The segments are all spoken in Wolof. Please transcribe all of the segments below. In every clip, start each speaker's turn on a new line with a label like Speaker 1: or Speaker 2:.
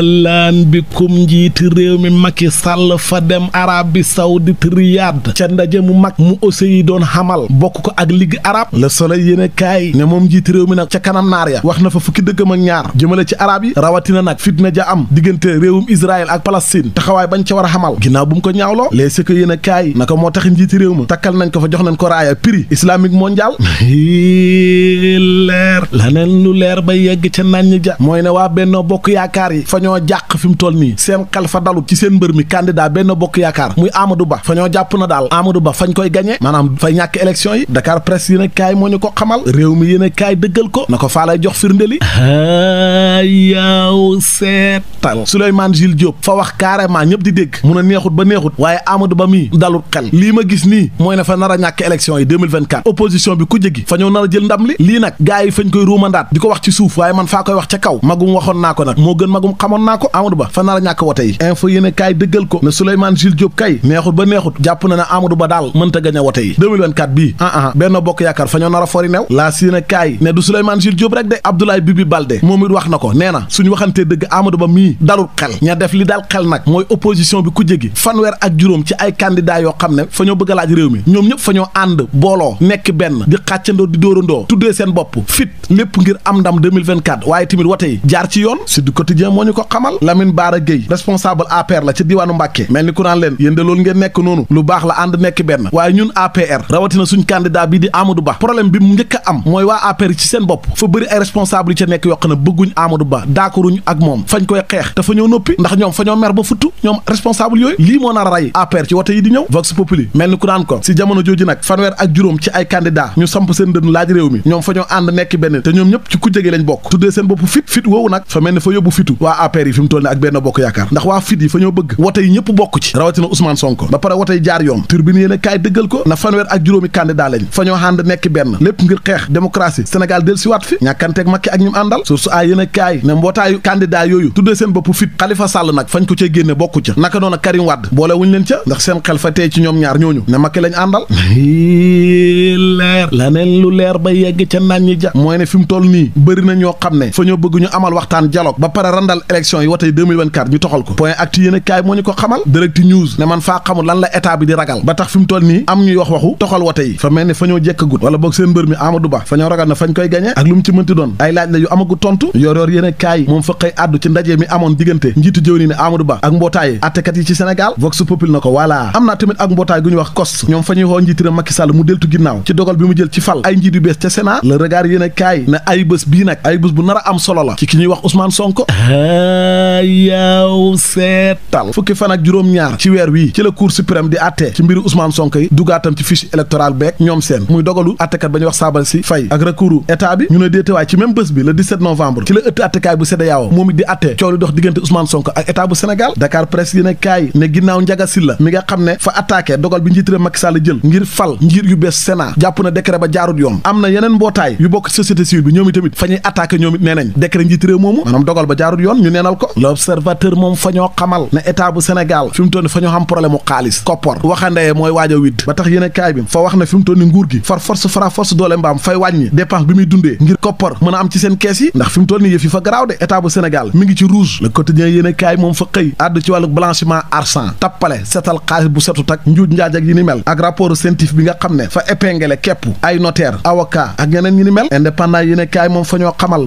Speaker 1: lan bi kum njiiti réew mi Macky Sall fa dem Arabie Saoudite Riyad ca ndaje mu mag mu ose yi doon xamal bokk ko ak ligg arab la Soleil yéen kaay ne moom njiiti réew mi na ca kanam naar ya wax na fa fukki dëggam ak ñaar jëmale ci arab yi rawatina nag fitna ja am diggante réewum Israël ak Palestine taxawaay bañ ca war a xamal ginnaaw bu mu ko ñaawloo Les Échos yéen a kaay naka moo tax njiiti réew ma takkal nañ ko fa jox nañ ko raaya prix islamique mondial leer yegg ca naññ ja mooy ne waa Benno Bokk Yaakaar yi fa jàq fi toll nii seen xel fa dalub ci seen mbër mi candidat Benno Bokk Yaakaar muy Amadou Ba fa ñoo jàpp na daal Amadou Ba fañ koy gañe maanaam fay ñàkk élection yi Dakar Presse yéen a kaay moo ñu ko xamal réew mi yéen a kaay dëggal ko na ko faa lay jox firndeli yaaw seetal Souleymane Jules Diop fa wax carrément ñëpp di dégg mun a neexut ba neexut waaye Amadou Ba mii dalul xel lii ma gis nii mooy ne fa nar a ñàkk yi a jël ndam li lii waaye man faa koy wax ca kaw magum waxoon naa ko nag moo gën magum xamoon naa ko Amadou Ba fa nar a ñàkk wote yi info yéen kaay dëggal ko ne Souleymane Jules Diop kay neexut ba neexut jàpp na ne Amadou Ba daal mënta gañ a wote yi 2024 bii ah ah benn bokk yaakaar fa nar a fori new laas yéen a kaay ne du Souleymane Jules Diop rek de Abdoulaye Bibi Baldé moom it wax na ko nee na suñu waxantee dëgg Amadou Ba mii dalul xel ña def li daal xel nag mooy opposition bi ku jégi fanweer ak juróom ci ay candidat yoo xam ne fa ñoo bëgg a laaj mi ñoom ñëpp fa ñoo ànd booloo benn di xàccandoo di dóorandoo tuddee seen bopp fit lépp ngir am ndam 2024 f waaye tamit wote yi jaar ci yoon Sud Quotidien moo ñu ko xamal Lamine Bara Gueye responsable APR la ci diwaanu Mbàkke mel ni ku leen yéen de loolu ngeen nekk noonu lu baax la ànd nekk benn waaye ñun APR rawatina suñ candidat bii di Amadou Ba problème bi mu njëkk a am mooy waa APR ci seen bopp fa bëri ay responsable yi ca nekk yokk na bëgguñ Amadou Ba d'accorduñ ak moom fañ koy xeex te fa ñoo noppi ndax ñoom fa mer ba futtu ñoom responsable bokk tuddee seen bopp fit fit woowu nag fa mel ni fa yóbbu fitu waa APR yi fi mu toll ne ak benn bokk yaakaar ndax waa fit yi fa ñoo bëgg wote yi ñëpp bokk ci rawatina Ousmane Sonko ba pare wote yi jaar yoon turbine yéen dëggal ko na fanweer ak juróomi candidat lañ fa ñoo ànd benn lépp ngir xeex démocratie Sénégal del siwaat fi ñàkkanteeg Macky ak ñum àndal source a yéen kaay mbootaayu candidat yooyu tuddee seen bopp fit Khalifa Sall mu toll nii bëri na ñoo ñoo xam ne fa ñoo bëgg ñu amal waxtaan dialogue ba pare randal élection yi watey ñu toxal ko point actu yéen kaay moo ñu ko xamal direct news ne man faa xamul lan la état bi di ragal ba tax fi nii am ñuy wax waxu toxal wote yi fa mel ne fa ñoo jekkagut wala boog seen mbër mi Amadou Ba fa ñoo ragal na fañ koy gañee ak lu ci mënti doon ay laaj la yu amagu tontu yor yor moom fa xëy ci ndaje mi amoon diggante njiitu jëw nii ne Amadou Ba bés bu nar a am solo la ci ki ñuy wax Ousmane Sonko yaaw seetal fukki fan ak juróom-ñaar ci weer wii ci la cour suprême di àtte ci mbiri Ousmane Sonko yi dugaatam ci fiche électorale beeg ñoom seen muy dogalu àttekat ba ñuy wax saabal si fay ak recours état bi ñu ne déetewaay ci même bés bi le 17 ci la ëtt àttekaay bu CEDEAO moom it di àtte coow li dox diggante Ousmane Sonko ak état bu Sénégal Dakar presse yéen a kaay ne ginnaaw Njaga Silla mi nga xam ne fa ngir fal ngir yu bees Sénat jàpp na décret ba jaarut yoon am na que ñoom it nee nañ décret njiit dogal ba jaarul yoon ñu neenal ko l'observateur moom fa ñoo xamal ne état bu Sénégal fi mu fa ñoo xam problème xaalis koppor waxandee mooy waaj a widd ba tax yéen bi fa wax ne fi mu ni nguur gi far force fra force doole mbaam fay wàññi dépense bi muy dundee ngir koppor mën a am ci seen kees yi ndax fi mu ni yëf yi fa garaaw de état bu Sénégal ngi ci rouge le quotidien yéen moom fa xëy àddu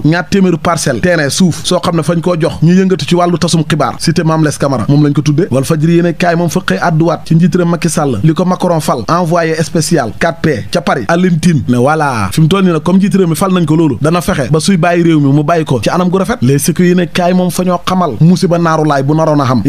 Speaker 1: total ñaar téeméeru parcelle terrain suuf soo xam ne fañ koo jox ñu yëngatu ci wàllu tasum xibaar cité Mame Less moom lañ ko tudde wal fajri yéene kaay moom fa xëy àdduwaat ci njiitëram Macky Sall li ko Macron fal envoyé spécial 4P ca Paris Alioune ne voilà fi mu toll nii nag comme mi fal nañ ko loolu dana fexe ba suy bàyyi réew mi mu bàyyi ko ci anam gu rafet les sécu yéene kaay moom fa xamal musiba naaru bu naroon a xam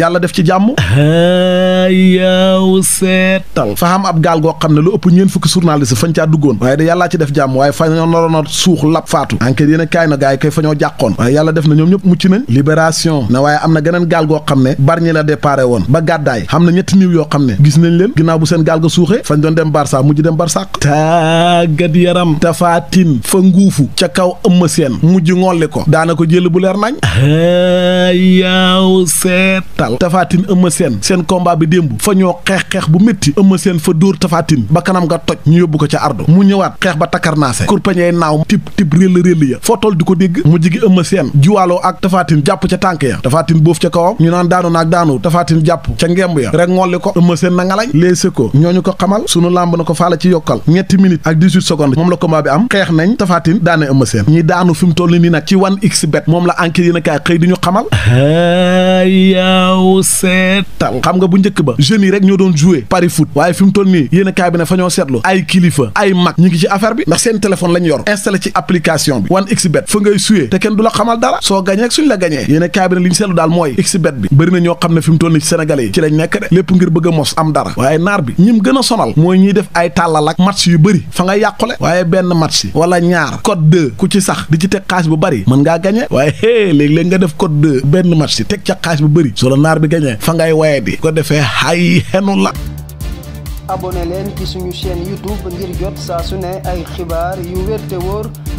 Speaker 1: a kaay na gars yi kay fa ñoo jàqoon waaye yàlla def na ñoom ñëpp mucc nañ libération na waaye am na geneen gaal goo xam ne barñi la déparé woon ba gàddaay xam na ñetti niw yoo xam ne gis nañ leen ginnaaw bu seen gaal ga suuxee fañ doon dem barça mujj dem barsàq tàggat yaram tafaatin fa nguufu ca kaw ëmm seen mujj ngolli ko daana ko bu leer nañ yaaw seetal tafaatin ëmm seen seen combat bi démb fa ñoo xeex-xeex bu métti ëmm seen fa dóor tafaatin ba kanam nga ñu yóbbu ko ca ardo mu ñëwaat xeex ba takarnaase kurpeñey naaw lool di ko dégg mujj gi ëmma seen juwaaloo ak tafaatin jàpp ca tànk ya tafaatin boof ca kawam ñu naan daanu naag daanu tafaatin jàpp ca ngemb ya rek ngolli ko ëmma seen na ngalañ léeg sa ko ñooñu ko xamal sunu làmb na ko faala ci yokkal ñetti minit ak 18 secondes moom la combat bi am xeex nañ tafaatin daane ëmma seen ñi daanu fi mu toll nii nag ci 1x bet moom la enquête yéen a kaay xëy di ñu xamal yaaw seetal xam nga bu njëkk ba jeunes yi rek ñoo doon jouer pari foot waaye a kaay bi ay kilifa ay mag ñu ngi ci affaire bi ndax seen téléphone lañ yor installé ci application bi 1xbet fa ngay suyee te kenn du la xamal dara soo gañee ak suñ la gañee yéen a li ñu seetlu daal mooy x bet bi bëri na ñoo xam ne fi mu toll ni ci sénégalais yi ci lañ nekk de lépp ngir bëgg a mos am dara waaye naar bi ñim gën a sonal mooy ñiy def ay tàllal ak match yu bëri fa nga yàqule waaye benn match wala ñaar code deux ku ci sax di ci teg xaalis bu bëri mën ngaa gañee waaye é léegi-léeg nga def code deux benn match teg ca xaalis bu bëri solo naar bi gañee fa ngay waye di ko defee xay xenu la abonné leen ci suñu chaîne youtube saa su ne ay xibaar yu wér te wóor